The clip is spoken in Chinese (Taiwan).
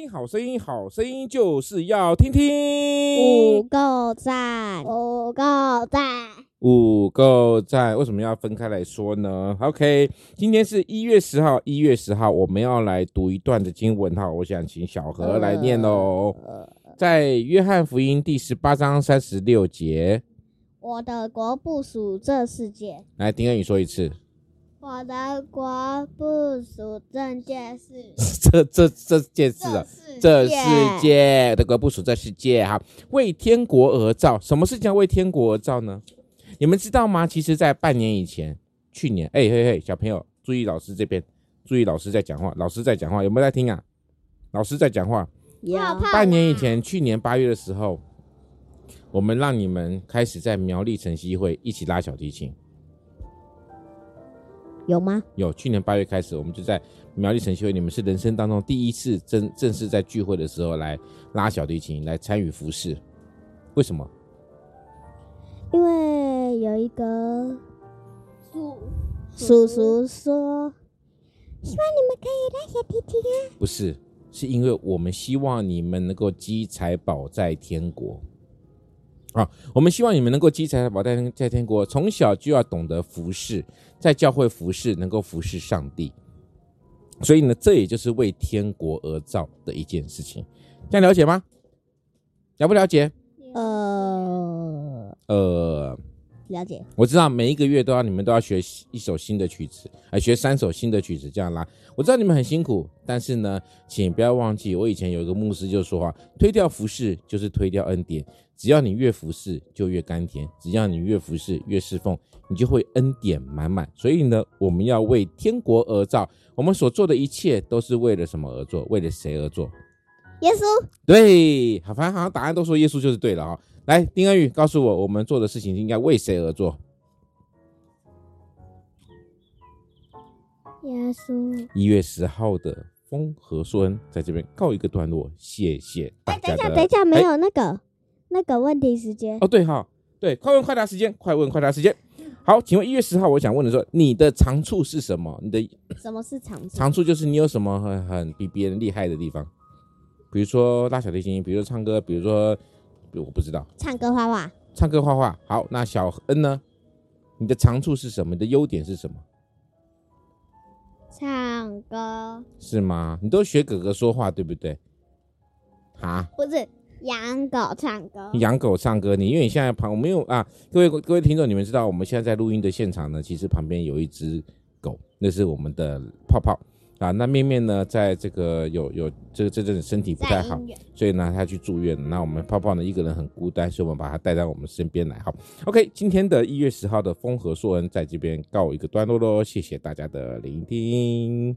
好聲音，好聲音，好聲音就是要聽聽。五夠讚，五夠讚，五夠讚，為什麼要分開來說呢？OK，今天是一月十號，一月十號我們要來讀一段的經文哈，我想請小何來念哦，在約翰福音第十八章三十六節，我的國不屬這世界。來，丁恩宇說一次。我的國不屬這世界，這這這件事啊，這世界，我的國不屬這世界哈。為天國而造，什麼事情要為天國而造呢？你們知道嗎？其實，在半年以前，去年，哎嘿,嘿嘿，小朋友，注意老師這邊，注意老師在講話，老師在講話，有沒有在聽啊？老師在講話，有半年以前，有去年八月的時候，我們讓你們開始在苗栗晨曦會一起拉小提琴。有嗎？有,去年八月開始，我們就在苗栗晨曦。你們是人生當中第一次正正式在聚會的時候來拉小提琴，來參與服侍。為什麼？因為有一個叔叔叔說，希望你們可以拉小提琴啊。不是，是因為我們希望你們能夠積財寶在天國。啊、哦，我們希望你們能夠積財寶在在天國，從小就要懂得服侍，在教會服侍，能夠服侍上帝。所以呢，這也就是為天國而造的一件事情，這樣了解嗎？了不了解？呃呃。呃了解，我知道每一個月都要你們都要學一首新的曲子，來、呃、學三首新的曲子這樣啦，我知道你們很辛苦，但是呢，請不要忘記，我以前有一個牧師就說啊，推掉服侍就是推掉恩典，只要你越服侍就越甘甜，只要你越服侍越侍奉，你就會恩典滿滿。所以呢，我們要為天國而造，我們所做的一切都是為了什麼而做？為了誰而做？耶穌。對，好，反正好像答案都說耶穌就是對了啊、哦。來，丁恩宇，告訴我，我們做的事情應該為誰而做？耶穌。一月十號的豐禾碩恩在這邊告一個段落，謝謝大家。哎，等一下，等一下，沒有那個、哎、那個問題時間哦。對哈、哦，對，快問快答時間，快問快答時間。好，請問一月十號，我想問的是，你的長處是什麼？你的什麼是長處？長處就是你有什麼很很比別人厲害的地方，比如說拉小提琴，比如說唱歌，比如說。我不知道唱歌畫畫，唱歌畫畫。好，那小恩呢？你的長處是什麼？你的優點是什麼？唱歌是嗎？你都學哥哥說話，對不對？啊，不是養狗唱歌，養狗唱歌。你因為你現在旁我沒有啊，各位各位聽眾，你們知道我們現在在錄音的現場呢？其實旁邊有一隻狗，那是我們的泡泡。啊，那面面呢，在這個有有這這陣子身體不太好，所以呢，他去住院。那我們泡泡呢，一個人很孤單，所以我們把他帶到我們身邊來。好，OK，今天的一月十號的豐禾碩恩在這邊告一個段落嘍，謝謝大家的聆聽。